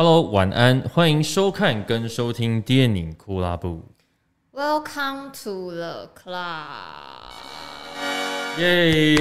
Hello，晚安，歡迎收看跟收聽電影酷拉部。Welcome to the club。耶！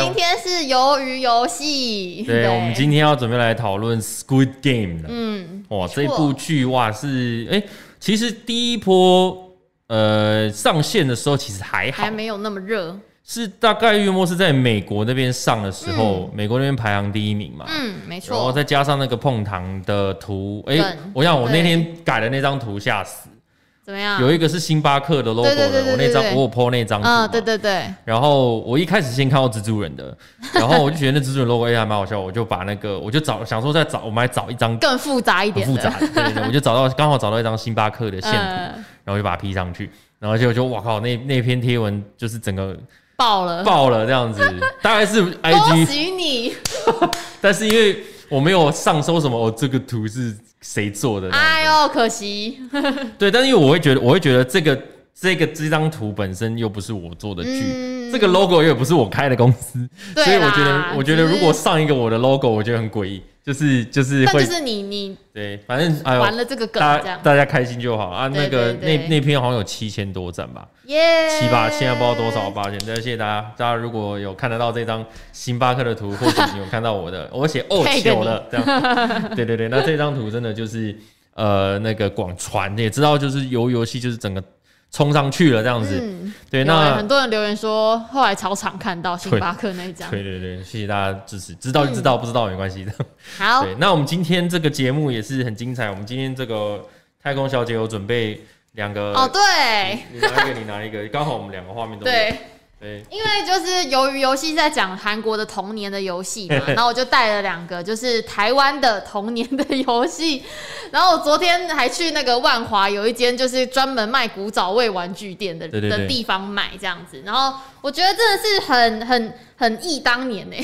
今天是魷魚遊戲。對，我們今天要準備來討論《Squid Game》了。嗯，哇，這部劇哇是，哎、欸，其實第一波呃上線的時候其實還還沒有那麼熱。是大概約莫是在美國那邊上的時候，嗯、美國那邊排行第一名嘛？嗯，沒錯。然後再加上那個碰糖的圖，哎、嗯欸，我想我那天改的那張圖嚇死。怎麼樣？有一個是星巴克的 logo 的，我那張我有 po 那張圖。啊，對對對。然後我一開始先看到蜘蛛人的，嗯、對對對，然後我就覺得那蜘蛛人的 logo 哎還蠻好笑， 我就把那個我就找想說再找我們來找一張更複雜一點的。更複雜的，對對對。 我就找到剛好找到一張星巴克的線圖、呃，然後就把它 P 上去，然後結果就就哇靠，那那篇貼文就是整個。爆了，爆了這樣子，當然是 I G。恭喜你， 但是因為我沒有上搜什麼、哦，這個圖是誰做的？哎呦，可惜。 對，但是因為我會覺得，我會覺得這個這個這張圖本身又不是我做的劇、嗯，這個 logo 又不是我開的公司，對，所以我覺得，我覺得如果上一個我的 logo，我覺得很詭異。就是就是，就是，會就是你你對，反正哎呦，玩了這個梗這樣，大家，大家開心就好啊、那個，對對對。那個那那篇好像有七千多讚吧，耶、yeah，七八千不知道多少八千。對，謝謝大家，大家如果有看得到這張星巴克的圖， 或許你有看到我的，我寫哦，有了，這樣。對對對，那這張圖真的就是 呃，那個廣傳也知道，就是遊遊戲就是整個。衝上去了這樣子，嗯、對，欸、那很多人留言說，後來操場看到星巴克那一張，對對對，謝謝大家支持，知道就知道，嗯、不知道沒關係的。好，對，那我們今天這個節目也是很精彩，我們今天這個太空小姐有準備兩個哦，對，你拿一個你拿一個，剛 好我們兩個畫面都有對。因為就是魷魚遊戲是在講韓國的童年的遊戲嘛，然後我就帶了兩個，就是台灣的童年的遊戲。然後我昨天還去那個萬華有一間就是專門賣古早味玩具店的的地方買這樣子。然後我覺得真的是很很很憶當年呢。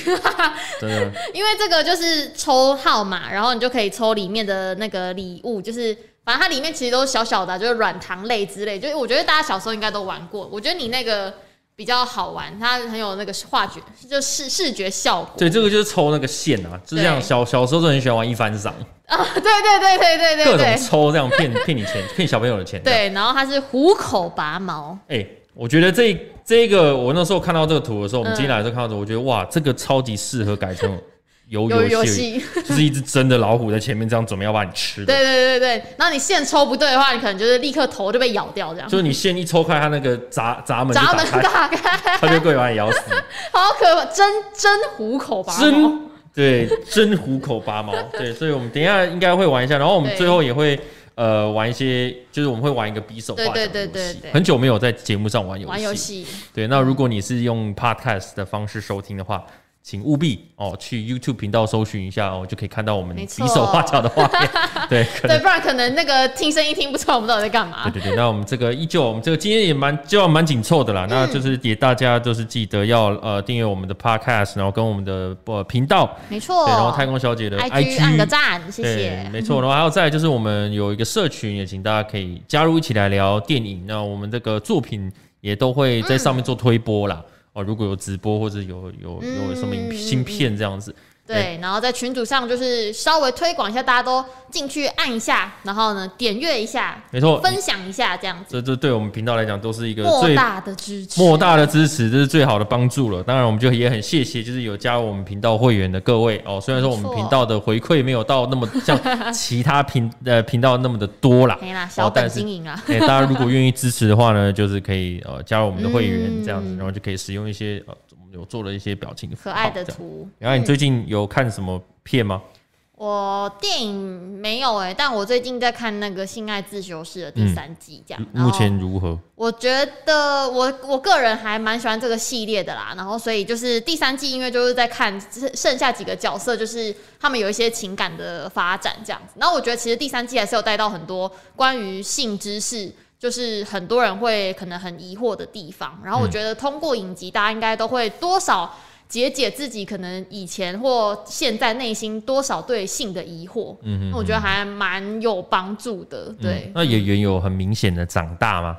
對，因為這個就是抽號碼，然後你就可以抽裡面的那個禮物，就是反正它裡面其實都是小小的、啊，就是軟糖類之類。就我覺得大家小時候應該都玩過。我覺得你那個。比較好玩，它很有那個畫覺，就是視，視覺效果。對，這個就是抽那個線啊，就是、這樣小。小小時候都很喜歡玩一番賞啊，對對，對對對對對對，各種抽這樣騙騙你錢，騙 小朋友的錢。對，然後它是虎口拔毛。哎、欸，我覺得這這一個，我那時候看到這個圖的時候，嗯、我們進來的時候看到這，我覺得哇，這個超級適合改成。 遊遊戲，就是一隻真的老虎在前面，這樣準備要把你吃的。 對對對對，然後你線抽不對的話，你可能就是立刻頭就被咬掉這樣。就是你線一抽開，它那個閘閘門閘門打開，它就會把你咬死。 好可怕，真真虎口拔毛。對，真虎口拔毛。對，所以我們等一下應該會玩一下，然後我們最後也會對對對對呃玩一些，就是我們會玩一個比手畫腳的遊戲，對對對，對，對，對很久沒有在節目上玩遊戲。對，那如果你是用 podcast 的方式收聽的話。請務必哦，去 YouTube 頻道搜尋一下哦，就可以看到我們比手畫腳的畫面。 對，對，不然可能那個聽聲音聽不出來我們到底在幹嘛。對對對，那我們這個依舊，我們這個今天也蠻就要蠻緊湊的啦，嗯。那就是也大家都是記得要呃訂閱我們的 Podcast，然後跟我們的呃頻道，沒錯，然後太空小姐的 IG, IG 按個讚，謝謝。沒錯然話，然後還有，再來就是我們有一個社群，也請大家可以加入一起來聊電影。嗯，那我們這個作品也都會在上面做推播啦。嗯哦、如果有直播或者有有有，有什麼新片這樣子。對，然後在群組上就是稍微推廣一下、欸，大家都進去按一下，然後呢點閱一下，沒錯，分享一下這樣子。這這對我們頻道來講都是一個最莫大的支持，莫大的支持，這是最好的幫助了。當然，我們就也很謝謝，就是有加入我們頻道會員的各位哦、喔。雖然說我們頻道的回饋沒有到那麼像其他頻 呃頻道那麼的多啦，小本經營啊。大家如果願意支持的話呢，就是可以呃加入我們的會員這樣子，嗯、然後就可以使用一些呃。有做了一些表情可愛的圖。然後你最近有看什麼片嗎？嗯、我電影沒有哎、欸，但我最近在看那個《性愛自修室》的第三季，這樣、嗯。目前如何？我覺得我我個人還蠻喜歡這個系列的啦。然後所以就是第三季，因為就是在看剩下幾個角色，就是他們有一些情感的發展這樣子。然後我覺得其實第三季還是有帶到很多關於性知識。就是很多人會可能很疑惑的地方，然後我覺得通過影集，大家應該都會多少解解自己可能以前或現在內心多少對性的疑惑。嗯哼哼，那我覺得還蠻有幫助的。對，嗯、那演員有很明顯的長大嗎？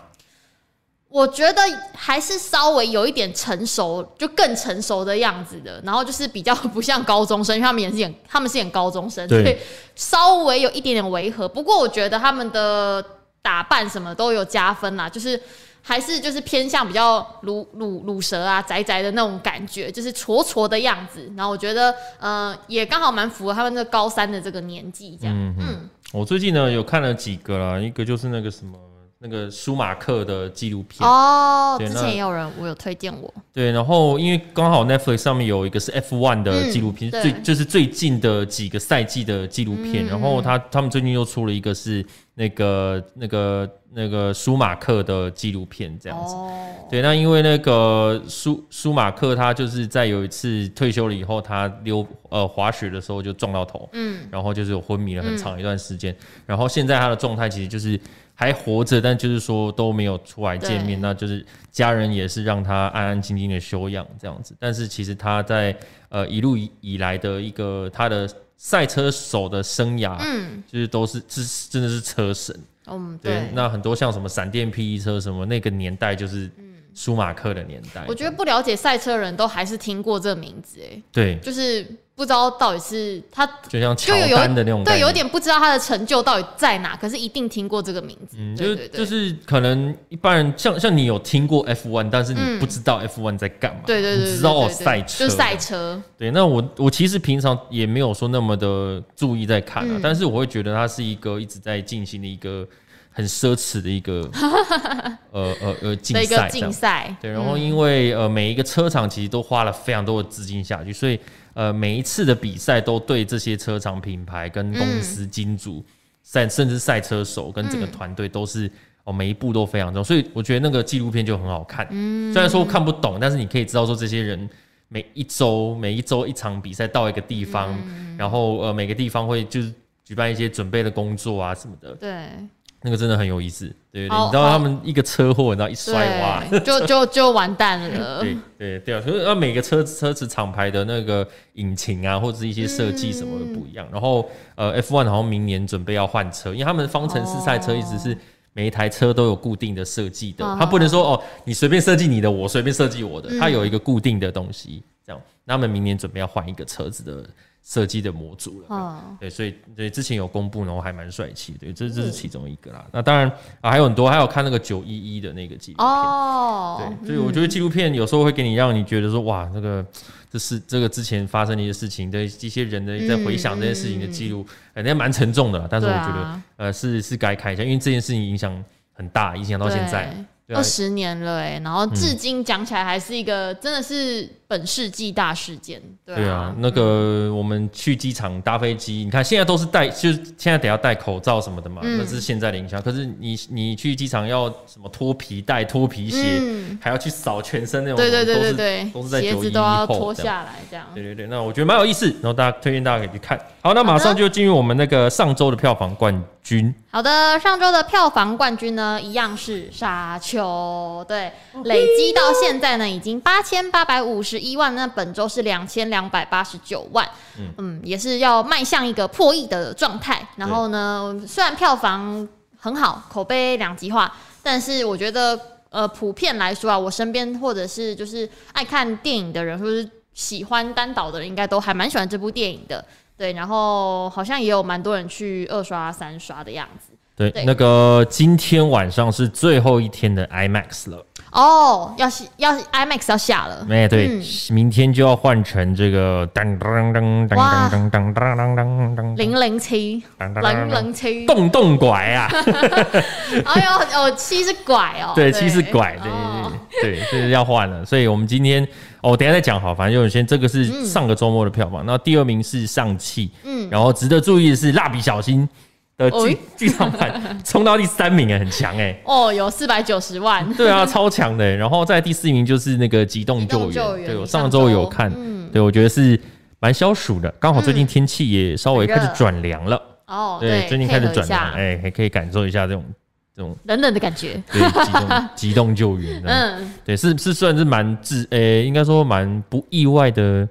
我覺得還是稍微有一點成熟，就更成熟的樣子的。然後就是比較不像高中生，因為他們也是演，他們飾演高中生，對，所以稍微有一點點違和。不過我覺得他們的，打扮什麼都有加分啦，就是還是就是偏向比較魯魯魯蛇啊、宅宅的那種感覺，就是挫挫的樣子。然後我覺得，呃，也剛好蠻符合他們那個高三的這個年紀，這樣嗯。嗯，我最近呢有看了幾個啦，一個就是那個什麼。那個舒馬克的紀錄片哦，對，之前也有人我有推薦我對，然後因為剛好 Netflix 上面有一個是 F One 的紀錄片，嗯、最就是最近的幾個賽季的紀錄片，嗯，然後他他們最近又出了一個是那個、嗯、那個那個舒馬克的紀錄片這樣子，哦，對，那因為那個舒舒馬克他就是在有一次退休了以後，他溜呃滑雪的時候就撞到頭，嗯，然後就是有昏迷了很長一段時間，嗯，然後現在他的狀態其實就是。還活着，但就是說都沒有出來見面，那就是家人也是讓他安安靜靜的休養這樣子。但是其實他在呃一路以來的一個他的賽車手的生涯是是，嗯，就是都是真的是車神，嗯，對。對那很多像什麼閃電霹靂車什麼那個年代就是舒馬克的年代，我覺得不了解賽車人都還是聽過這名字哎、欸，對，就是。不知道到底是他就，就像喬丹的那種，對，有點不知道他的成就到底在哪。可是一定聽過這個名字，嗯，就對對對，就是可能一般人像像你有聽過 F1，但是你不知道 F1 在幹嘛，嗯，對對對，只知道賽車，就是賽車。對，那我我其實平常也沒有說那麼的注意在看啊，嗯，但是我會覺得它是一個一直在進行的一個很奢侈的一個 呃呃呃競賽，一個競賽。對，然後因為、嗯、呃每一個車廠其實都花了非常多的資金下去，所以。呃，每一次的比賽都對這些車廠品牌跟公司金主賽、嗯，甚至賽車手跟整個團隊都是、嗯，哦，每一步都非常重，所以我覺得那個紀錄片就很好看。嗯、雖然說看不懂，但是你可以知道說，這些人每一周每一周一場比賽到一個地方、嗯，然後呃，每個地方會就是舉辦一些準備的工作啊什麼的。對。那個真的很有意思，對，對、哦，你知道他們一個車禍，哦、你知道一摔哇 就就就完蛋了。對對對，對啊，所以那每個車子車子廠牌的那個引擎啊，或者一些設計什麼的不一樣。嗯、然後呃，F1 好像明年準備要換車，因為他們方程式賽車一直是每一台車都有固定的設計的，哦、他不能說哦你隨便設計你的我，我隨便設計我的、嗯，他有一個固定的東西。這樣，那他們明年準備要換一個車子的，設計的模組了，哦、對，所以對之前有公布，然後還蠻帥氣，對，這這是其中一個啦。嗯、那當然、啊、還有很多，還有看那個九一一的那個紀錄片，哦、對，所以我覺得紀錄片有時候會給你讓你覺得說，嗯、哇，那、這個這是這個之前發生的一些事情的一些人的在回想那些事情的記錄，欸、那蠻沉重的，但是我覺得，啊、呃，是是該看一下，因為這件事情影響很大，影響到現在二十、啊、年了、欸，然後至今講起來還是一個真的是本世紀大事件，對啊，對啊嗯、那個我們去機場搭飛機，嗯、你看現在都是戴，就是現在得要戴口罩什麼的嘛。嗯、那可是現在的影響，可是你你去機場要什麼脫皮帶、脫皮鞋，嗯、還要去掃全身那種。對對對對對。都是，都是在鞋子都要脫下來這，這樣。對對對，那我覺得蠻有意思。然後大家推薦大家可以去看。好，那馬上就進入我們那個上周的票房冠軍。好的，好的上周的票房冠軍呢，一樣是《沙丘》。對，okay. 累積到現在呢，已經八千八百五十。一萬，那本周是兩千兩百八十九萬，嗯，也是要邁向一個破億的狀態。然後呢，雖然票房很好，口碑兩極化，但是我覺得，呃，普遍來說啊，我身邊或者是就是愛看電影的人，或者是喜歡單導的人，應該都還蠻喜歡這部電影的。對，然後好像也有蠻多人去二刷、三刷的樣子對。對，那個今天晚上是最後一天的 IMAX 了。哦、oh,，要下，要 IMAX 要下了，哎、欸，對，明天就要換成這個零零七，零零七，洞洞拐啊！哎呦，哦，七是拐哦，對，七是拐，對，對，是要換了。所以我們今天，哦，等下再講，好，反正就先這個是上個周末的票房，那第二名是尚氣，嗯，然後值得注意的是蠟筆小新。呃，劇場版衝到第三名很強哎！哦，有四百九十萬，對啊，超強的、欸。然後在第四名就是那個急凍救援，對我上周有看，對我覺得是蠻消暑的，剛好最近天氣也稍微開始轉涼了。哦，對，最近開始轉涼，哎，還可以感受一下這種這種冷冷的感覺。對，急凍救援，嗯，對，是是算是蠻自誒、欸，應該說蠻不意外的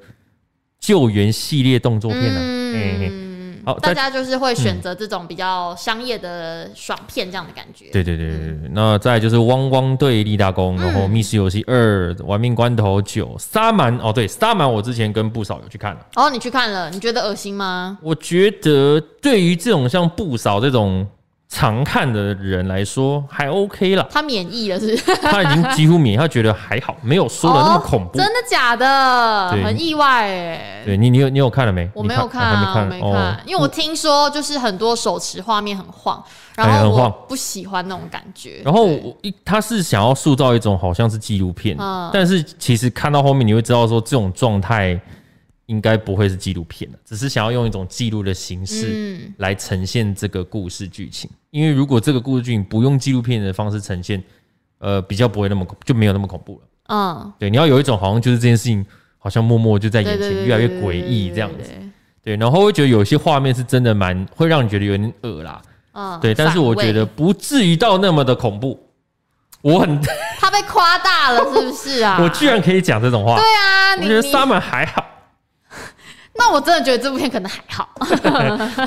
救援系列動作片呢。嗯。好，大家就是會選擇這種比較商業的爽片這樣的感覺。嗯、對對對，對、嗯，那再來就是《汪汪隊立大功》，嗯，然後《密室遊戲二》、《玩命關頭九》、《薩滿》。哦，對，《薩滿》我之前跟部嫂有去看了。哦，你去看了？你覺得噁心嗎？我覺得對於這種像部嫂這種常看的人來說還 OK 啦，他免疫了是不是？ 他已經幾乎免疫。他覺得還好，沒有說的那麼恐怖。哦、真的假的？很意外哎、欸！對你，你有你有看了沒？我沒有看、啊，看啊、沒看了，我沒看、哦，因為我聽說就是很多手持畫面很晃，然後我不喜歡那種感覺。欸、然後我一他是想要塑造一種好像是紀錄片、嗯，但是其實看到後面你會知道說這種狀態。應該不會是紀錄片了，只是想要用一種記錄的形式來呈現這個故事劇情、嗯。因為如果這個故事劇情不用紀錄片的方式呈現，呃，比較不會那麼恐就沒有那麼恐怖了。嗯對，你要有一種好像就是這件事情好像默默就在眼前越來越詭異這樣子、嗯，對，然後會覺得有些畫面是真的蠻會讓你覺得有點噁啦，啊、嗯，對，但是我覺得不至於到那麼的恐怖。嗯、我很，他被誇大了是不是啊？我居然可以講這種話？對啊，你我覺得薩滿還好。那我真的覺得這部片可能還好，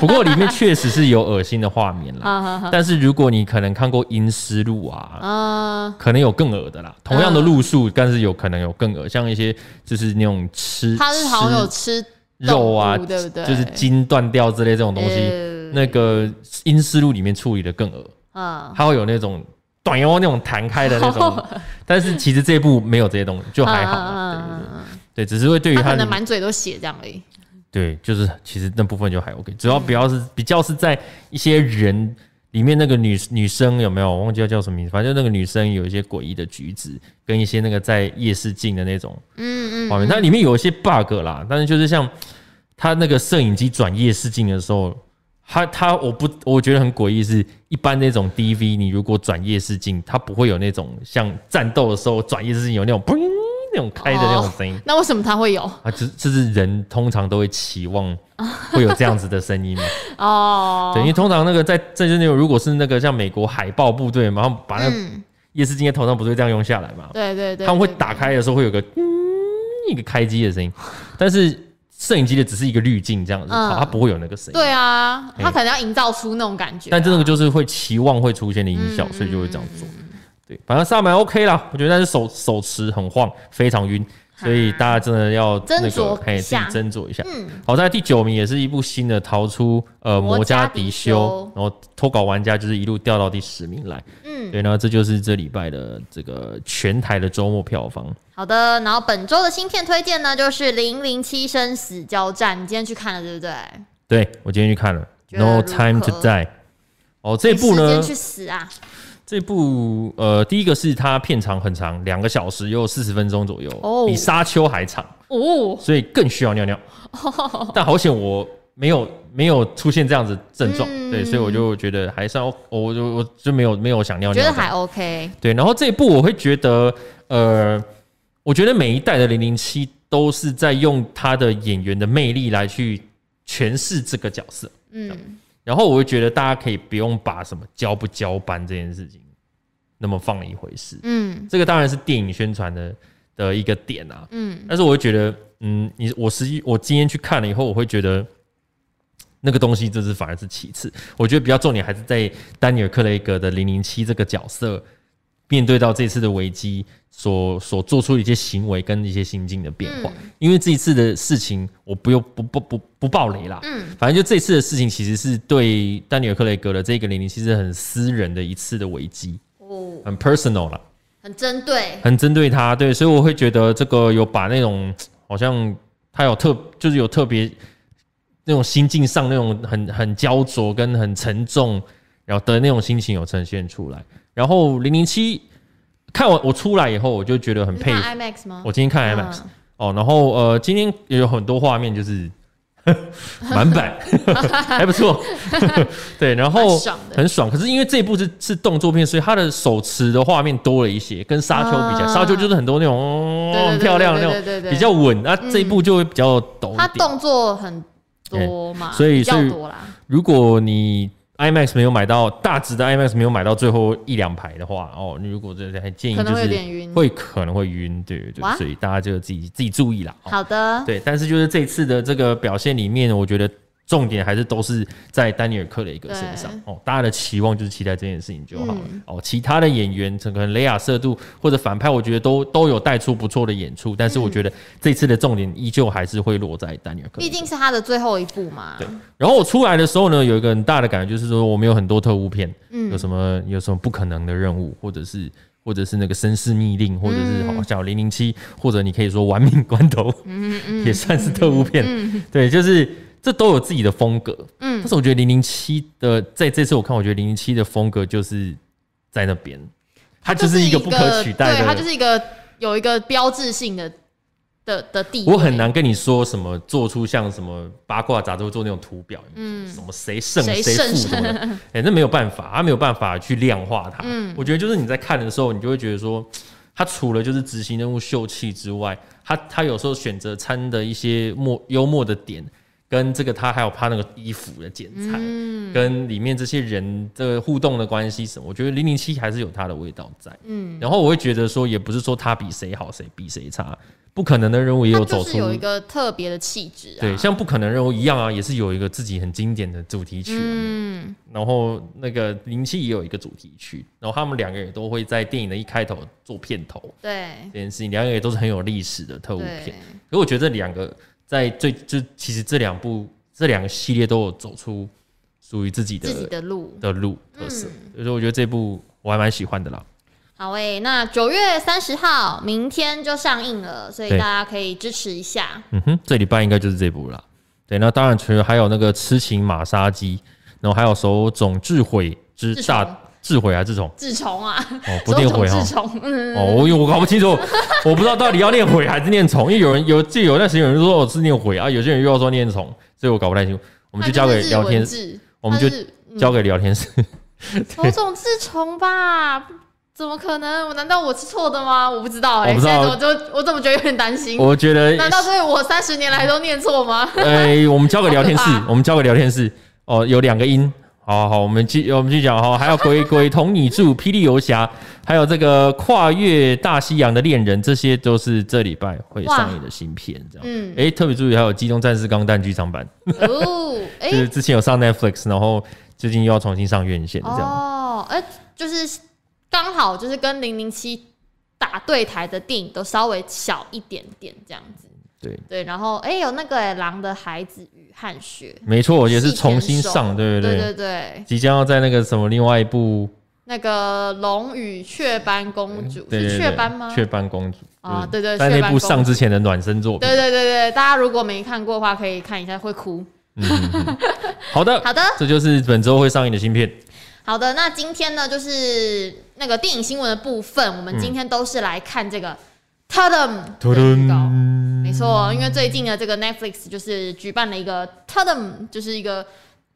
不過裡面確實是有噁心的畫面了。但是如果你可能看過《陰屍路》啊，可能有更噁的啦。同樣的路數，但是有可能有更噁，像一些就是那種吃，它是好有吃肉啊，對不對？就是筋斷掉之類這種東西。那個《陰屍路》裡面處理得更噁，它會有那種斷喲那種彈開的那種。但是其實這部沒有這些東西，就還好、啊。對，對，只是會對於他的滿嘴都血這樣而已。對，就是其實那部分就還 OK，主要比較是比較是在一些人裡面那個女女生，有沒有我忘記叫叫什麼名字？反正那個女生有一些詭異的舉止，跟一些那個在夜視鏡的那種嗯嗯畫面，它裡面有一些 bug 啦。但是就是像它那個攝影機轉夜視鏡的時候，它它我不我覺得很詭異，是一般那種 DV 你如果轉夜視鏡，它不會有那種像戰鬥的時候轉夜視鏡有那種砰。那種開的那種聲音，oh, 那為什麼它會有啊？這、就、這、是就是人通常都會期望會有這樣子的聲音哦，等 於、oh. 通常那個在在這那種，如果是那個像美國海豹部隊，然後把那個夜視鏡在頭上，不是會這樣用下來嘛？對對對，他們會打開的時候會有個嗯，一個開機的聲音，但是攝影機的只是一個濾鏡這樣子、嗯好，它不會有那個聲音、嗯。對啊，它可能要營造出那種感覺、啊欸，但這個就是會期望會出現的音效，嗯嗯所以就會這樣做。對，反正上面 OK 啦。我覺得但是手手持很晃，非常暈，啊、所以大家真的要、那個、自己斟酌一下。嗯，好，在第九名也是一部新的《逃出呃摩加迪休》，然後脫稿玩家就是一路掉到第十名來。嗯，對呢，然後這就是這禮拜的這個全台的周末票房。好的，然後本周的新片推薦呢，就是《零零七生死交戰》，你今天去看了對不對？對我今天去看了，《No Time to Die》。哦，這一部呢？這部呃，第一個是它片長很長，兩個小時又四十分鐘左右，哦、比《沙丘》還長哦，所以更需要尿尿。哦、但好險我沒有沒有出現這樣子症狀、嗯，對，所以我就覺得還算、哦，我就我就沒有沒有想尿尿，覺得還 OK。對，然後這一部我會覺得，呃，我覺得每一代的零零七都是在用他的演員的魅力來去詮釋這個角色，嗯，然後我會覺得大家可以不用把什麼交不交班這件事情。那麼放了一回事，嗯，這個當然是電影宣傳的的一個點啊，嗯，但是我會覺得，嗯，你我實際我今天去看了以後，我會覺得那個東西就是反而是其次，我覺得比較重點還是在丹尼爾·克雷格的零零七這個角色面對到這次的危機所所做出一些行為跟一些心境的變化，嗯，因為這一次的事情我不用不不不不暴雷啦。嗯，反正就這次的事情其實是對丹尼爾·克雷格的這個零零七，是很私人的一次的危機。很 personal 了，很針對，很針對他，對，所以我會覺得這個有把那種好像他有特，就是有特別那種心境上那種很很焦灼，跟很沉重，然後的那種心情有呈現出來。然後零零七看完我出來以後，我就覺得很配 IMAX 嗎？我今天看 IMAX、嗯、哦，然後呃，今天也有很多畫面就是。滿 版滿版的笑還不錯錯笑， 對，然後很爽。可是因為這一部是是動作片，所以他的手持的畫面多了一些，跟沙丘比起來，啊、沙丘就是很多那種、哦、很漂亮的那種，對對對對對對對對，比較穩。那、啊、這一部就會比較抖。他、嗯、動作很多嘛，嗯、所以是多啦。如果你。 IMAX 沒有買到大直的 IMAX 沒有買到最後一兩排的話哦，你如果真的還建議，就是會可能會暈，對對對，所以大家就自己自己注意啦，哦。好的，對，但是就是這次的這個表現裡面，我覺得。重點還是都是在丹尼爾·克雷格身上哦，大家的期望就是期待這件事情就好了、嗯、哦。其他的演員，可能蕾雅瑟杜或者反派，我覺得都都有帶出不錯的演出。但是我覺得這次的重點依舊還是會落在丹尼爾克雷格，畢竟是他的最後一部嘛。對。然後我出來的時候呢，有一個很大的感覺就是說，我們有很多特務片，嗯，有什麼有什麼不可能的任務，或者是或者是那個紳士密令，或者是、嗯、好像零零七，或者你可以說玩命關頭，嗯嗯，也算是特務片。嗯嗯對，就是。這都有自己的風格，嗯，但是我覺得零零七的在這次我看，我覺得零零七的風格就是在那邊，它就是一個不可取代的，它就是一個有一個標誌性的的的地。我很難跟你說什麼，做出像什麼八卦雜誌會做那種圖表，嗯，什麼誰勝誰負什麼的，反、欸、那沒有辦法，他沒有辦法去量化它、嗯。我覺得就是你在看的時候，你就會覺得說，他除了就是執行任務秀氣之外，他他有時候選擇餐的一些幽默的點。跟這個他還有拍那個衣服的剪裁，跟裡面這些人的互動的關係什麼，我覺得《零零七》還是有它的味道在。嗯，然後我會覺得說，也不是說他比誰好，誰比誰差，不可能的任務也有走出，有一個特別的氣質。對，像不可能任務一樣啊，也是有一個自己很經典的主題曲。嗯，然後那個零七也有一個主題曲，然後他們兩個也都會在電影的一開頭做片頭。對，這件事情，兩個也都是很有歷史的特務片。可是我覺得這兩個。在最就其實這兩部這兩個系列都有走出屬於自己的自己的路的路特色。嗯、所以說我覺得這部我還蠻喜歡的啦。好誒、欸，那九月三十號明天就上映了，所以大家可以支持一下。嗯哼，這禮拜應該就是這部了。對，那當然除了還有那個《痴情馬殺雞》，然後還有首《種智慧之大》。治蟲還是治蟲？治蟲啊，哦，不念悔啊哦、嗯、哦，我我搞不清楚，我不知道到底要念悔還是念蟲 因為有人有就有段時間有人說我是念悔啊，有些人又要說念蟲，所以我搞不太清楚。我們就交給聊天室，我們就交給聊天室。某、嗯、種治蟲吧？怎麼可能？我難道我是錯的嗎？我不知道哎、欸，現在怎麼就我怎麼覺得有點擔心？我覺得難道是我三十年來都念錯嗎？哎、欸，我們交給聊天室，我們交給聊天室。哦，有兩個音。好好，我們繼我們繼續講哈，還有《鬼鬼同你住》、《霹靂遊俠》，還有這個《跨越大西洋的戀人》，這些都是這禮拜會上映的新片，這樣。嗯。哎、欸，特別注意，還有《機動戰士鋼彈》劇場版。哦，哎。 就是之前有上 Netflix，、欸、然後最近又要重新上院線這樣。哦，哎、欸，就是剛好就是跟《零零七》打對台的電影都稍微小一點點這樣子。對對，然後哎、欸，有那個、欸《狼的孩子雨和雪》。沒錯，也是重新上，對，對對？對對，對即將要在那個什麼另外一部那個《龍與雀斑公主對對對》是雀斑嗎？雀斑公主啊，對對，對，在那部上之前的暖身作品。對，對對對對，大家如果沒看過的話，可以看一下，會哭。嗯嗯嗯 好的好的，這就是本周會上映的新片。好的，那今天呢，就是那個電影新聞的部分，我們今天都是來看這個。嗯 Tudum，沒錯，因為最近的這個 Netflix 就是舉辦了一個 Tudum，就是一個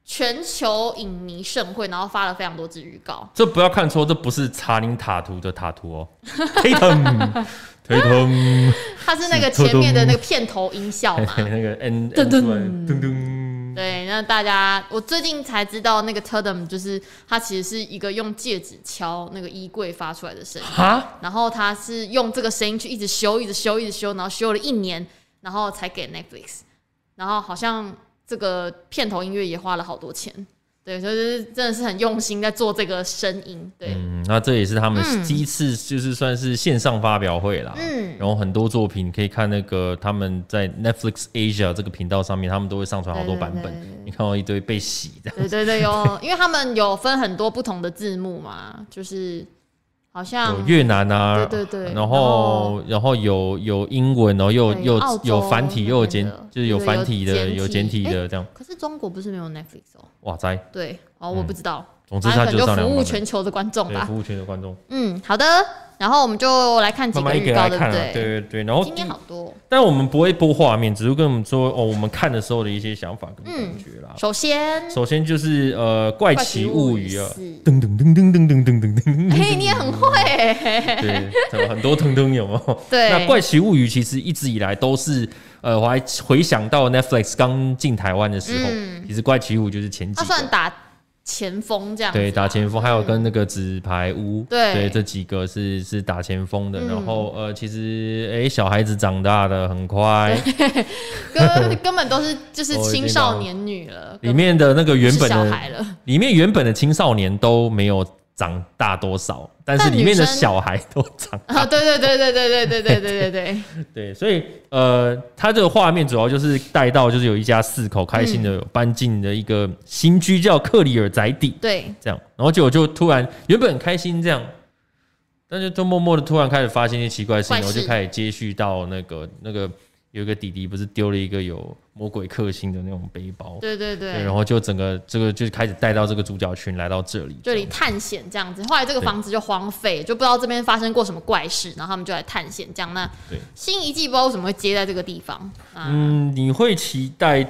全球影迷盛會，然後發了非常多支預告。這不要看錯，這不是查林塔圖的塔圖哦 Tudum Tudum , Tudum 它是那個前面的那個片頭音效嘛，Tudum, 那個噔噔噔噔。Tudum, Tudum 對，那大家，我最近才知道那個 TUDUM 就是它其實是一個用戒指敲那個衣櫃發出來的聲音，蛤？然後它是用這個聲音去一直修，一直修，一直修，然後修了一年，然後才給 Netflix，然後好像這個片頭音樂也花了好多錢。對，就是真的是很用心在做這個聲音。對，嗯，那這也是他們第一次，就是算是線上發表會啦。嗯，然後很多作品可以看那個他們在 Netflix Asia 這個頻道上面，他們都會上傳好多版本對對對對。你看到一堆被洗的，對對對喲，因為他們有分很多不同的字幕嘛，就是。好像有越南啊，對對，對然後，然後，然，後，然，後然後有有英文哦，又又有繁體，又有簡，就是有繁體的，有簡體，有簡體的這樣。欸，可是中國不是沒有 Netflix 哦？哇塞，對哦，我、嗯、不知道。總之他就，就服務全球的觀眾吧，對，服務全球的觀眾。嗯，好的。然後我們就來看幾個預告對對慢慢個，啊，對對，對？對對然後今天好多，但我們不會播畫面，只是跟我們說哦，我們看的時候的一些想法跟感覺啦。嗯、首先，首先就是呃，《怪奇物語》啊，噔噔噔噔噔噔噔噔噔。嘿，你也很會、欸， 對，很多等等。有嗎？對。那《怪奇物語》其實一直以來都是呃，我還回想到 Netflix 剛進台灣的時候，嗯、其實《怪奇物語》就是前幾年。前鋒這樣子對，打前鋒，還有跟那個紙牌屋，嗯、對對，這幾個是是打前鋒的、嗯。然後呃，其實誒、欸，小孩子長大的很快，跟根本都是就是青少年女了。 了裡面的那個原本的小孩了，裡面原本的青少年都沒有。長大多少？但是裡面的小孩都長大啊！對對對對對對對對對對對對，對，對所以呃，他這個畫面主要就是帶到就是有一家四口開心的搬進了一個新居，叫克里爾宅邸，嗯。對，這樣，然後就我就突然原本很開心這樣，但是就，就默默的突然開始發現一些奇怪的事情，然後就開始接續到那個那個。有一個弟弟不是丟了一個有魔鬼克星的那種背包，對，對對對，然後就整個這個就開始帶到這個主角群來到這裡，這裡探險這樣子。後來這個房子就荒廢，就不知道這邊發生過什麼怪事，然後他們就來探險這樣。那新一季不知道為什麼會接在這個地方。嗯，你會期待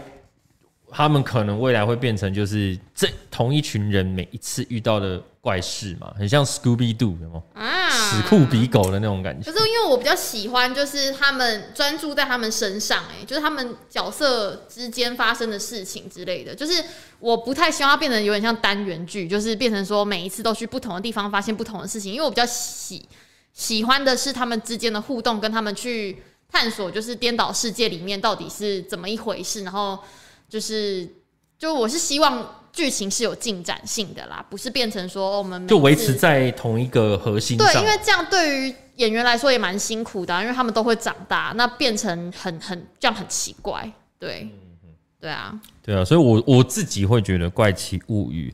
他們可能未來會變成就是這同一群人每一次遇到的。怪事嘛，很像 Scooby Doo 的嗎啊，史酷比狗的那種感覺。就是因為我比較喜歡，就是他們專注在他們身上，欸，哎，就是他們角色之間發生的事情之類的。就是我不太希望它變得有點像單元劇，就是變成說每一次都去不同的地方發現不同的事情。因為我比較喜喜歡的是他們之間的互動，跟他們去探索，就是顛倒世界裡面到底是怎麼一回事。然後就是，就我是希望。劇情是有進展性的啦，不是變成說我們就維持在同一個核心上。對，因為這樣對於演員來說也蠻辛苦的、啊，因為他們都會長大，那變成很很這樣很奇怪。對、嗯，對啊，對啊，所以我我自己會覺得怪奇物語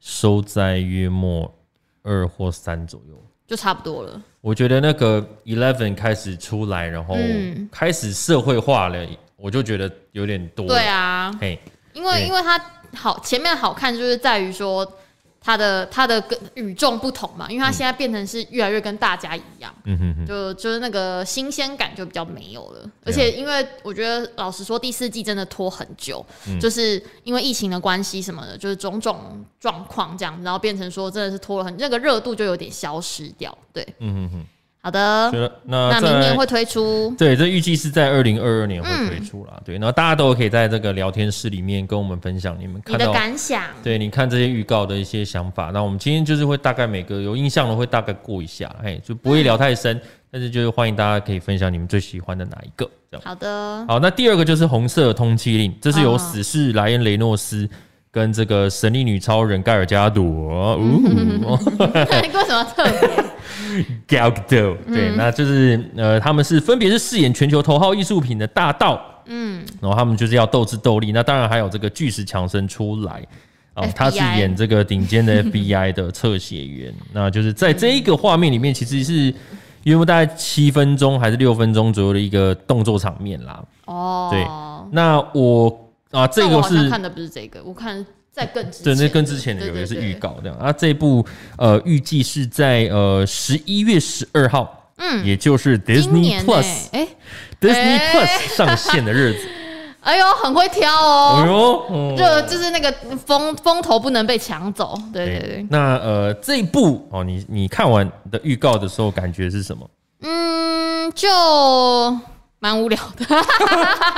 收在約莫二或三左右就差不多了。我覺得那個 Eleven 開始出來，然後開始社會化了，嗯、我就覺得有點多了。對啊，因為因為他。好，前面好看就是在於說他，它的它的跟與眾不同嘛，因為它現在變成是越來越跟大家一樣，嗯、哼哼就就是那個新鮮感就比較沒有了。嗯、而且因為我覺得，老實說，第四季真的拖很久，嗯、就是因為疫情的關係什麼的，就是種種狀況這樣，然後變成說真的是拖了很，那個熱度就有點消失掉，對，嗯哼哼。好的，的那明年會推出，對，這預計是在二零二二年會推出了、嗯，對，那大家都可以在這個聊天室裡面跟我們分享你們看到你的感想，對，你看這些預告的一些想法，那我們今天就是會大概每個有印象的會大概過一下，嘿，就不會聊太深，但是就是歡迎大家可以分享你們最喜歡的哪一個這樣。好的，好，那第二個就是紅色通緝令，這是由死侍萊恩雷諾斯。跟這個神力女超人蓋爾加朵，他、嗯哦嗯哦嗯、 什麼特別？Gal Gadot 對、嗯，那就是呃，他們是分別是飾演全球頭號藝術品的大盜，嗯，然後他們就是要鬥智鬥力。那當然還有這個巨石強森出來，哦、啊，他是演這個頂尖的 FBI 的側寫員， 那就是在這一個畫面裡面，其實是約莫大概七分鐘還是六分鐘左右的一個動作場面啦。哦，對，那我。啊，這個是看的不是這個，我看在更之前對，那更之前的有一個是預告這樣啊。這部呃，預計是在呃十一月十二號，嗯，也就是 Disney、欸、Plus、欸、Disney Plus 上線的日子。欸、 哎呦，很會挑哦，哎呦，這、哦、就，就是那個風風頭不能被搶走，對對對，對、欸。那呃，這一部哦，你你看完的預告的時候感覺是什麼？嗯，就蠻無聊的。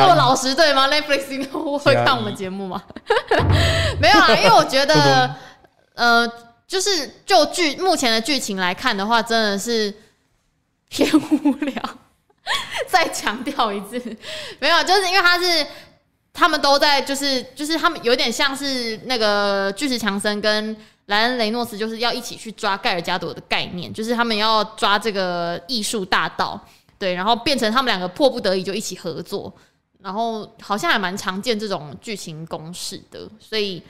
又老實對嗎？Netflix 會看我們節目嗎？ 沒有啊，因為我覺得， 呃，就是就劇目前的劇情來看的話，真的是偏無聊。 再強調一次，沒有，就是因為他是他們都在，就是就是他們有點像是那個巨石強森跟萊恩雷諾斯，就是要一起去抓蓋爾加朵的概念，就是他們要抓這個藝術大盜，對，然後變成他們兩個迫不得已就一起合作。然後好像還蠻常見這種劇情公式的，的所以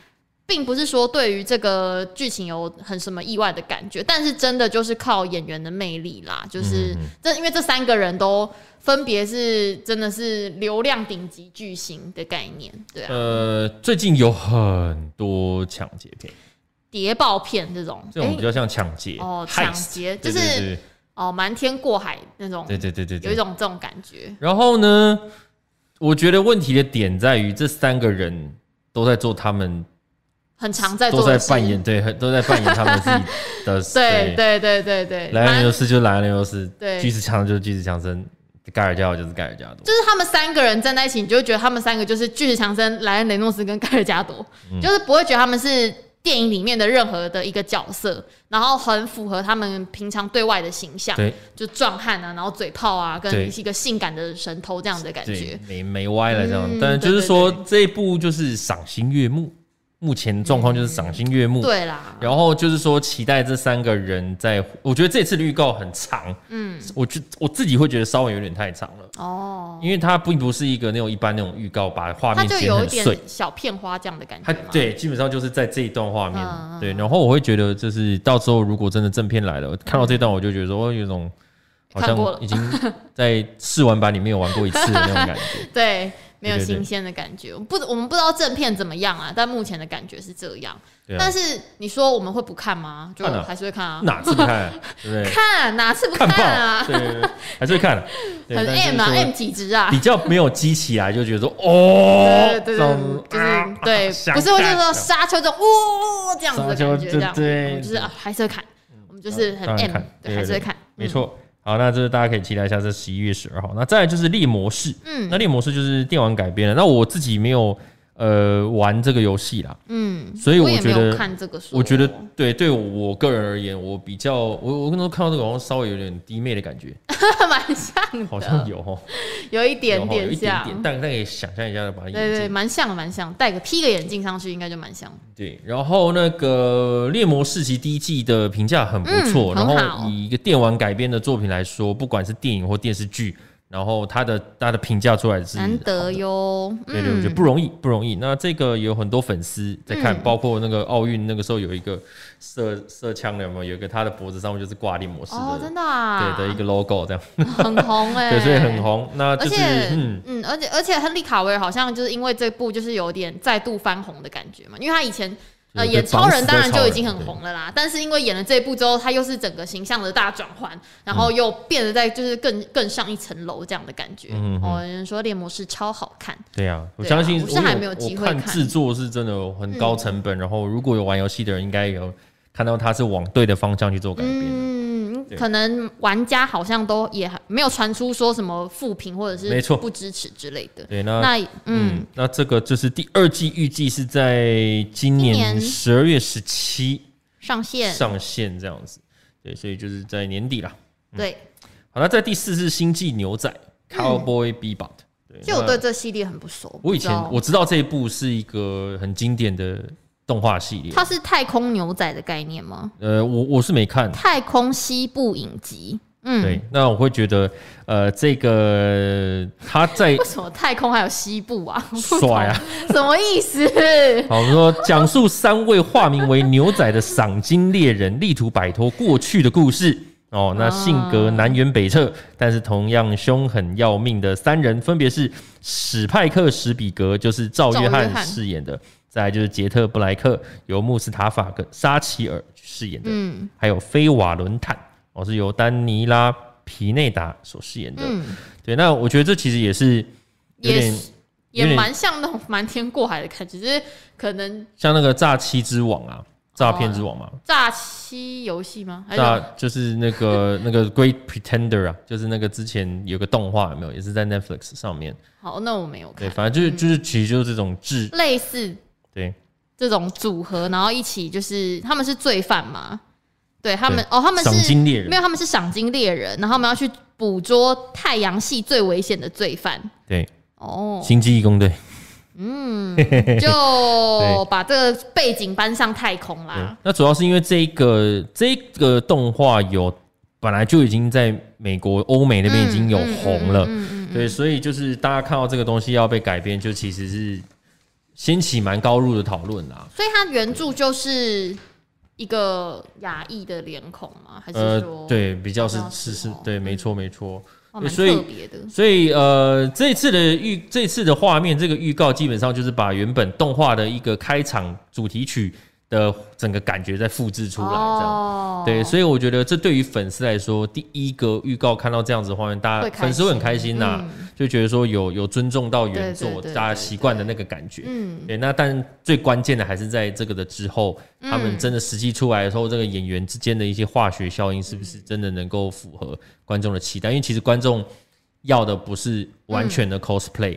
並不是說，對於這個劇情有很什麼意外的感覺，但是真的就是靠演員的魅力啦，就是這，因為這三個人都分別是真的是流量頂級巨星的概念，對、啊、呃，最近有很多搶劫片、諜報片這種，這種比較像搶劫、欸、哦、Heist，搶劫就是對對對，哦，瞞天過海那種，對對對對對，有一種這種感覺。然後呢？我覺得問題的點在於這三個人都在做他們，很常在做事，都在扮演，對，都在扮演他們自己的事。 對,對對對對對，萊恩雷諾斯就是萊恩雷諾斯，對，巨石強就,就是巨石強森，蓋爾加多就是蓋爾加多。就是他們三個人站在一起，你就會覺得他們三個就是巨石強森、萊恩雷諾斯跟蓋爾加多，嗯，就是不會覺得他們是。電影裡面的任何的一個角色，然後很符合他們平常對外的形象，對，就壯漢啊，然後嘴炮啊，跟一,一個性感的神偷這樣的感覺，沒沒歪了這樣，嗯，但就是說對對對對，這一部就是賞心悅目。目前狀況就是賞心悅目，嗯，對啦。然後就是說，期待這三個人在。我覺得這次的預告很長，嗯，我就我自己會覺得稍微有點太長了，哦，因為它並不是一個那種一般那種預告，把畫面剪得很碎，小片花這樣的感覺。它對，基本上就是在這一段畫面，嗯、對。然後我會覺得，就是到時候如果真的正片來了，嗯、看到這段我就覺得說，我有種好像已經在試玩版裡面有玩過一次的那種感覺， 對。對對對，沒有新鮮的感覺，不，我們不知道正片怎麼樣啊。但目前的感覺是這樣。啊、但是你說我們會不看嗎？看還是會看啊。哪次不看、啊 對？看、啊、哪次不看、啊？看，對對對 看啊。還是會看。很 M 啊，M 幾只啊？比較沒有激起來，就覺得說哦對對對、啊，就是對，不是，就是說沙丘這種哦這樣子的感覺這樣，沙丘就對，就是啊，還是會看。我們就是很、啊、M，、啊、還是會看。對對對看對對對嗯、沒錯。好，那這是大家可以期待一下，這十一月十二號。那再來就是獵魔士，嗯，那獵魔士就是電玩改編了。那我自己沒有。呃，玩這個遊戲啦，嗯，所以我覺得我看這個書，我覺得對對我個人而言，我比較我我剛剛看到這個，好像稍微有點低妹的感覺，哈哈，蠻像的，好像有齁，有一點點有,有一點點，但但可以想象一下的吧，對對,對，蠻像的，蠻像的，戴個披個眼鏡上去應該就蠻像。對，然後那個《獵魔士》級第一季的評價很不錯，嗯，然後以一個電玩改編的作品來說，不管是電影或電視劇。然後他的他的評價出來是難得喲，對對，嗯、我覺得不容易不容易。那這個有很多粉絲在看，嗯，包括那個奧運那個時候有一個射射槍的，有沒有？有一個他的脖子上面就是掛曆模式的哦，真的啊，對的一個 logo 這樣，很紅哎， 對，所以很紅。那、就是、而且嗯嗯，而且而且亨利卡維爾好像就是因為這部就是有點再度翻紅的感覺嘛，因為他以前。呃，演超人當然就已經很紅了啦，但是因為演了這一部之後，他又是整個形象的大轉換，然後又變得在就是更更上一層樓這樣的感覺嗯。嗯，有、嗯、人、嗯嗯嗯、說獵魔士超好看，對啊，我相信我。不是還沒有機會看製作是真的很高成本，嗯、然後如果有玩遊戲的人，應該有看到他是往對的方向去做改編、嗯。嗯可能玩家好像都也沒有傳出說什麼複評或者是沒錯不支持之類的。對，那，那嗯，嗯，那這個就是第二季預計是在今年十二月十七上線上線這樣子。對，所以就是在年底了，嗯。對，好，那在第四是《星際牛仔》（Cowboy、嗯、b e b o t 就我對這系列很不熟。我以前我知道這一部是一個很經典的。動畫系列，它是太空牛仔的概念嗎？呃，我我是沒看《太空西部影集》。嗯，對，那我會覺得，呃，這個他在為什麼太空還有西部啊？帥啊，什麼意思？ 好，我們說講述三位化名為牛仔的賞金獵人， 力圖擺脫過去的故事。哦，那性格南轅北轍，哦，但是同樣凶狠要命的三人，分別是史派克·史比格，就是趙約翰飾演的。再來就是傑特·布萊克由穆斯塔法·沙奇爾飾演的，嗯，還有菲·瓦倫坦哦，是由丹尼拉·皮內達所飾演的，嗯，嗯，對，那我覺得這其實也是，也是，也蠻像那種瞞天過海的感覺，只是可能像那個詐欺之王啊，詐騙之王嘛、啊，詐、哦、欺遊戲嗎？詐就是那個那個《Great Pretender》啊，就是那個之前有個動畫有，沒有也是在 Netflix 上面。好，那我沒有看，對，反正就是就是其實就是這種、嗯、類似。對，這種組合，然後一起就是他們是罪犯嘛？對他們對，哦，他們是賞金獵人，沒有他們是賞金獵人，然後他們要去捕捉太陽系最危險的罪犯。對，哦，星際異攻隊，嗯，就把這個背景搬上太空啦。 那主要是因為這個這個動畫有本來就已經在美國、歐美那邊已經有紅了，嗯嗯，嗯，嗯，嗯，對，所以就是大家看到這個東西要被改編，就其實是。掀起蠻高入的討論啊，所以它原著就是一個亞裔的臉孔嗎？還是說，呃、對比較是比較是，是是對，沒錯沒錯，哦，所以所以呃，這次的預這次的畫面，這個預告基本上就是把原本動畫的一個開場主題曲。的整個感覺再複製出來，這樣對，所以我覺得這對於粉絲來說，第一個預告看到這樣子的畫面，大家粉絲會很開心吶、啊，就覺得說有有尊重到原作，大家習慣的那個感覺。嗯，對。那但最關鍵的還是在這個的之後，他們真的實際出來的時候，這個演員之間的一些化學效應是不是真的能夠符合觀眾的期待？因為其實觀眾要的不是完全的 cosplay。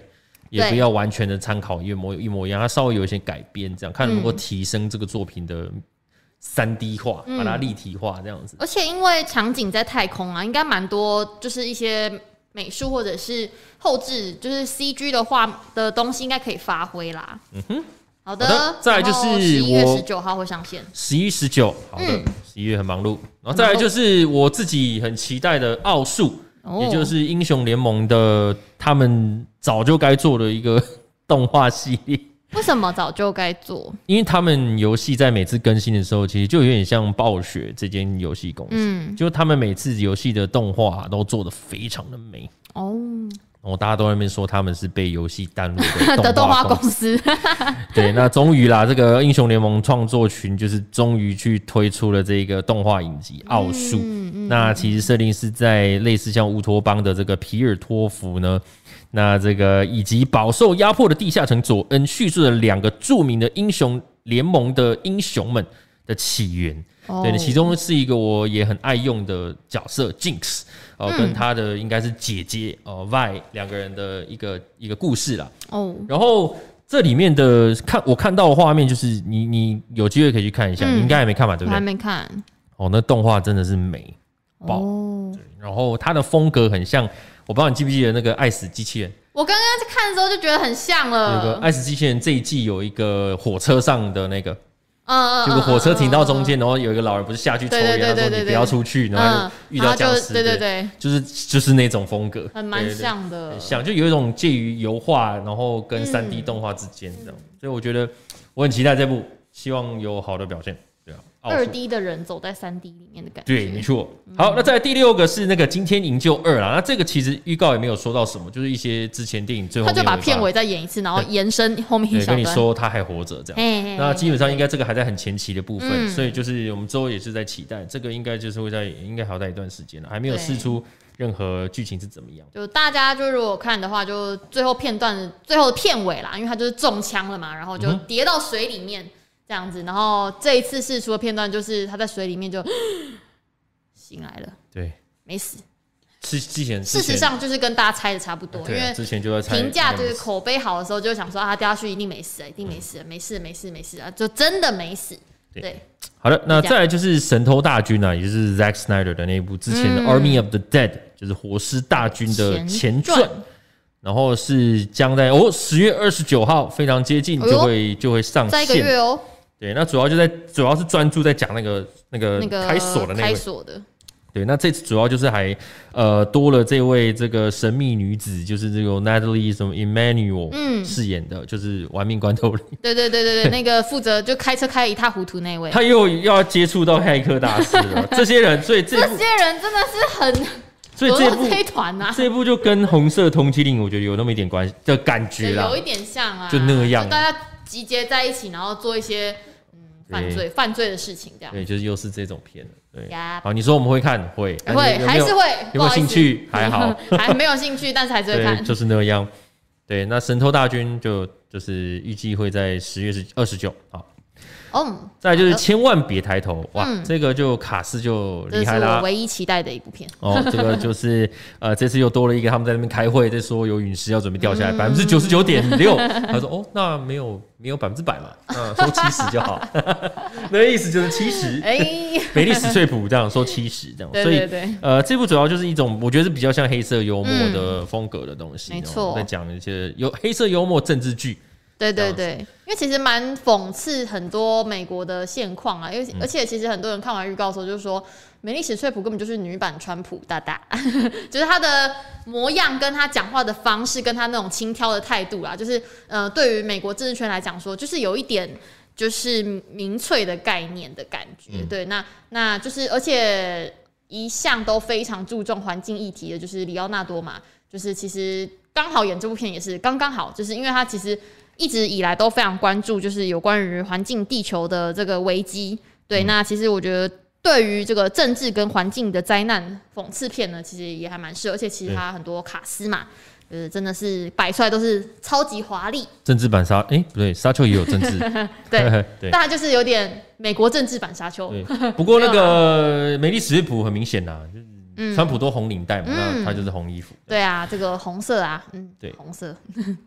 也不要完全的參考一模一模一樣，它稍微有一些改編，這樣、嗯、看能不能夠提升這個作品的三 D 化、嗯，把它立體化這樣子。而且因為場景在太空啊，應該蠻多，就是一些美術或者是後製，就是 CG 的話的東西，應該可以發揮啦。嗯哼，好的。再來就是十一月十九號會上線，十一十九，19, 好的，十、嗯、一月很忙碌。然後再來就是我自己很期待的奧術。也就是英雄聯盟的他們早就該做的一個動畫系列。為什麼早就該做？因為他們遊戲在每次更新的時候，其實就有點像暴雪這間遊戲公司、嗯，就他們每次遊戲的動畫都做得非常的美。哦。哦，大家都在那邊說他們是被遊戲耽誤的動畫公司， 公司 對，那終於啦，這個英雄聯盟創作群就是終於去推出了這個動畫影集《奧術》。嗯嗯，那其實設定是在類似像烏托邦的這個皮爾托夫呢，那這個以及飽受壓迫的地下城佐恩，敘述了兩個著名的英雄聯盟的英雄們的起源。對、哦，其中是一個我也很愛用的角色 Jinx，哦、呃嗯，跟他的應該是姐姐呃，Vi 兩個人的一個一個故事啦。哦，然後這裡面的看我看到的畫面就是你你有機會可以去看一下，嗯、你應該還沒看吧？對不對？還沒看。哦，那動畫真的是美爆。哦。對，然後它的風格很像，我不知道你記不記得那個《愛死機器人》。我剛剛去看的時候就覺得很像了。那個《愛死機器人》這一季有一個火車上的那個。啊啊！這 個火車停到中間，然後有一個老人不是下去抽煙，他說你不要出去，然後遇到殭屍，嗯、對，對，對對對，就是就是那種風格，很、嗯、蠻像的。對對對，很像，就有一種介於油畫，然後跟 3D 動畫之間這樣，嗯，所以我覺得我很期待這部，希望有好的表現。二 D 的人走在三 D 裡面的感覺。對，沒錯。好，那再來第六個是那個《驚天營救二》啊、嗯，那這個其實預告也沒有說到什麼，就是一些之前電影最後他就把片尾再演一次，然後延伸後面一小段，嗯、對，跟你說他還活着這樣嘿嘿嘿。那基本上應該這個還在很前期的部分，嘿嘿所以就是我們之後也是在期待這個，應該就是會在應該還要待一段時間了，還沒有釋出任何劇情是怎麼樣。就大家就如果看的話，就最後片段最後片尾啦，因為他就是中槍了嘛，然後就跌到水裡面。嗯這樣子，然後這一次釋出的片段就是他在水裡面就醒來了，對，沒死。事之，之前，事實上就是跟大家猜的差不多，對因為之前就在評價就是口碑好的時候，就想說啊掉下去一定沒事，嗯，一定沒事，沒事，沒事，沒事啊，就真的沒死。對，對好的，那再來就是神偷大軍啊，也就是 Zack Snyder 的那一部之前的 Army，嗯、of the Dead，就是活屍大軍的前傳，然後是將在哦十月二十九號非常接近就會，哎，就會上線再一個月哦。對，那主要就在，主要是專注在講那個那個開鎖的那位。開鎖的。對，那這次主要就是還，呃，多了這位這個神秘女子，就是這個 Nathalie 什麼 Emmanuel，嗯，飾演的、嗯，就是玩命關頭裡。對對對對對，那個負責就開車開一塌糊塗那位。他又要接觸到黑客大師了， 這些人，所以這這些人真的是很，所以這一部這一團吶、啊，這部就跟紅色通緝令我覺得有那麼一點關係的感覺了，有一點像啊，就那樣，大家。集結在一起，然後做一些嗯犯罪、欸、犯罪的事情，這樣對，就是又是這種片對。Yeah. 好，你說我們會看，會會有有還是會有沒有興趣？還好，呵呵還沒有興趣， 但是還是會看，就是那樣。對，那神偷大軍就就是預計會在十月二十九號。嗯、哦，再來就是千萬別抬頭哇、嗯！這個就卡斯就厲害啦。唯一期待的一部片哦，這個就是呃，這次又多了一個他們在那邊開會，在說有隕石要準備掉下來，百分之九十九點六。他說哦，那沒有沒有百分之百嘛，嗯，說七十就好。那個 意思就是七十、欸，哎，梅莉史翠普這樣說七十這樣，對對對對，所以呃，這部主要就是一種我覺得是比較像黑色幽默的、嗯、風格的東西，沒錯，那在講一些有黑色幽默政治劇。對對對，因為其實蠻諷刺很多美國的現況啊，因為而且其實很多人看完預告的時候就是說，嗯、梅莉史翠普根本就是女版川普大大， 就是她的模樣跟她講話的方式跟她那種輕佻的態度啦，就是呃，對於美國政治圈來講說，就是有一點就是民粹的概念的感覺。嗯、對，那那就是而且一向都非常注重環境議題的，就是李奧納多嘛，就是其實剛好演這部片也是剛剛好，就是因為他其實。一直以來都非常關注，就是有關於環境、地球的這個危機。對，那其實我覺得對於這個政治跟環境的災難諷刺片呢，其實也還蠻適合。而且其實它很多卡司嘛，呃，就是、真的是擺出來都是超級華麗。政治版沙哎不、欸、對，沙丘也有政治，對 對，但就是有點美國政治版沙丘。不過那個梅莉史翠普很明顯吶。嗯、川普都紅領帶嘛，那他就是紅衣服，嗯，對。對啊，這個紅色啊，嗯，對，紅色。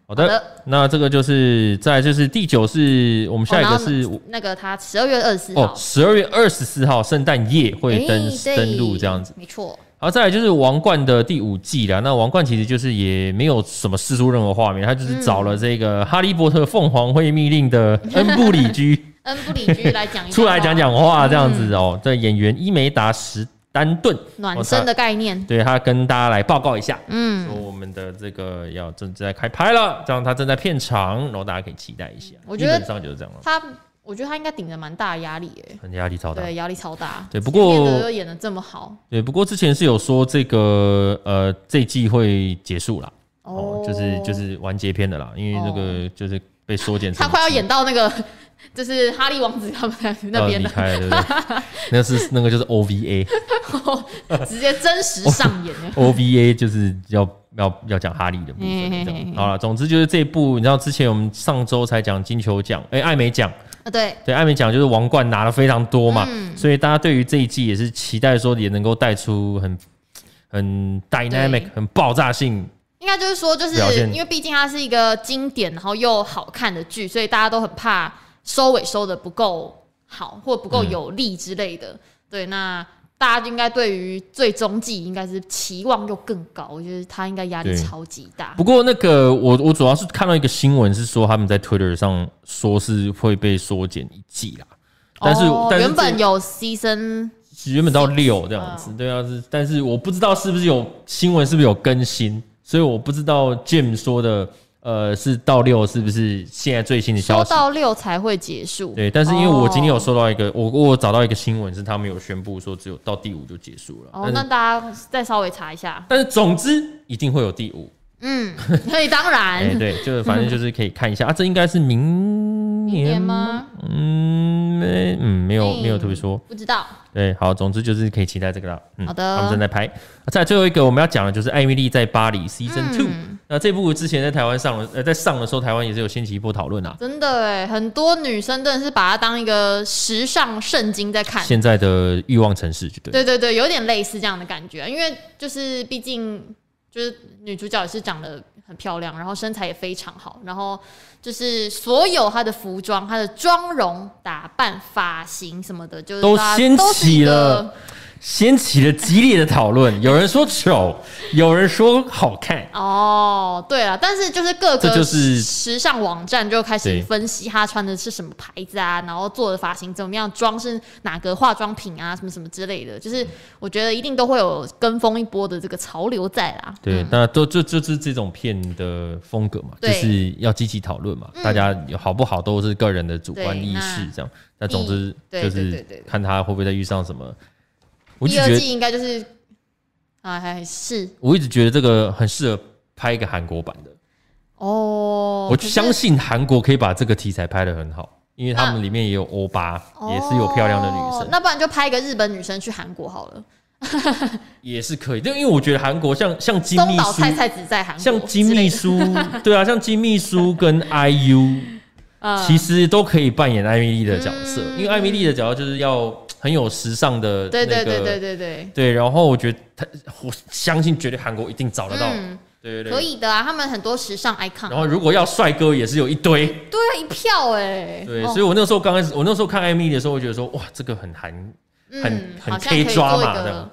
好的， 好的，那這個就是再就是第九是，我們下一個是，哦，那個他十二月二十四號，哦，十二月二十四號聖誕夜會登，欸，登錄這樣子，沒錯。好，再來就是《王冠》的第五季啦。那《王冠》其實就是也沒有什麼釋出任何畫面，他就是找了這個《哈利波特》鳳凰會密令的恩布里居，恩布里居來講出來講講話這樣子，嗯，哦。這演員伊梅達十。單盾暖身的概念，對，他跟大家來報告一下，嗯，說我們的這個要正在開拍了，這樣，他正在片場，然後大家可以期待一下。我覺得基本上就是這樣。他我覺得他應該頂着蠻大的壓力耶、欸，壓力超大，對，壓力超大。對，不過都演得這麼好。對，不過之前是有說這個呃這季會結束了，哦，喔、就是就是完結篇的啦，因為那個就是被縮減、哦，他快要演到那個。就是哈利王子他們那邊的、哦、 那是那個就是 O V A， 哦、直接真實上演 O V A 就是要要要講哈利的部分。嘿嘿嘿嘿嘿好了，總之就是這一部，你知道之前我們上周才講金球獎，哎、欸，艾美獎啊，對對，艾美獎就是王冠拿了非常多嘛，嗯、所以大家對於這一季也是期待說也能夠帶出很很 dynamic、很爆炸性。應該就是說，就是因為畢竟它是一個經典，然後又好看的劇，所以大家都很怕。收尾收得不夠好，或不夠有力之類的。嗯，對，那大家應該對於最終季應該是期望又更高，我覺得他應該壓力超級大。不過那個我我主要是看到一個新聞是說他們在 Twitter 上說是會被縮減一季啦，但是，哦，但是原本有 Season six，原本到六這樣子，哦，對啊，是，但是我不知道是不是有新聞，是不是有更新，所以我不知道 Jim 說的。呃，是到六是不是？現在最新的消息到六才會結束。對，但是因為我今天有收到一個，哦、我我找到一個新聞是他們有宣布說只有到第五就結束了哦。哦，那大家再稍微查一下。但是總之一定會有第五。嗯，所以當然，對、 欸、對，就是反正就是可以看一下 啊，這應該是明年，明年嗎？嗯，沒有，嗯，沒有沒有特別說，不知道。對，好，總之就是可以期待這個啦。嗯、好的，他們正在拍。啊、再來最後一個我們要講的就是《艾蜜莉在巴黎 Season Two、嗯》。那這部之前在台灣上了，呃，在上的時候台灣也是有掀起一波討論啊。真的哎、欸，很多女生真的是把它當一個時尚聖經在看。現在的欲望城市就對。對對對，有點類似這樣的感覺，因為就是畢竟。就是女主角也是長得很漂亮，然後身材也非常好，然後就是所有她的服裝、她的妝容，打扮，髮型什麼的，就是啊、都掀起了。掀起了激烈的討論， 有人說醜，有人說好看。哦，對了，但是就是各個時尚網站就開始分析他穿的是什麼牌子啊，然後做的髮型怎麼樣，妝是哪個化妝品啊，什麼什麼之類的。就是我覺得一定都會有跟風一波的這個潮流在啦。嗯、對，那都就就，就是這種片的風格嘛，就是要積極討論嘛、嗯，大家好不好都是個人的主觀意識這樣。那，這樣，那總之就是對對對對對，看他會不會再遇上什麼。第二季應該就是，還是我一直覺得這個很適合拍一個韓國版的哦。我相信韓國可以把這個題材拍得很好，因為他們裡面也有歐巴，也是有漂亮的女生。那不然就拍一個日本女生去韓國好了，也是可以。因為我覺得韓國像像金秘書、菜菜子在韓國，像金秘書，對啊，像金秘書跟 IU。啊、呃，其實都可以扮演艾米麗的角色，嗯、因為艾米麗的角色就是要很有時尚的、那個、對對對對對對對。然後我覺得，我相信絕對韓國一定找得到、嗯，對對對，可以的啊，他們很多時尚 icon。然後如果要帥哥也是有一堆，嗯、對啊，一票哎、欸。對、哦，所以我那時候剛開始，我那時候看艾米麗的時候，我覺得說哇，這個很韓，很、嗯、很 K 可以抓嘛的。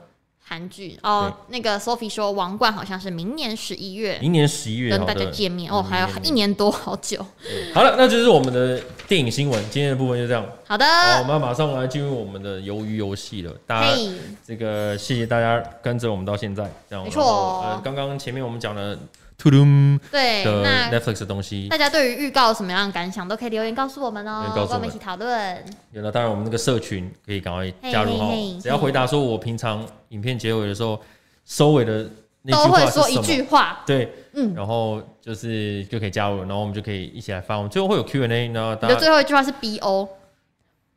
韓劇哦，那個 Sophie 說《王冠》好像是明年十一月，明年十一月跟大家見面哦，還有一年多，好久。好了，那就是我們的電影新聞，今天的部分就這樣。好的，好，我們要馬上來進入我們的魷魚遊戲了。大家，這個謝謝大家跟着我們到現在。這樣沒錯。呃，剛剛前面我們講了。Tudum 對，那 Netflix 的東西，大家對於預告什麼樣的感想都可以留言告訴我們哦、喔，我們，跟我們一起討論。有那當然，我們那個社群可以趕快加入哦，hey, hey, hey, hey. 只要回答說我平常影片結尾的時候收尾的那句話，都會說一句話，對，嗯，然後就是就可以加入，然後我們就可以一起來發，我們最後會有 Q&A 呢。你的最後一句話是 BO。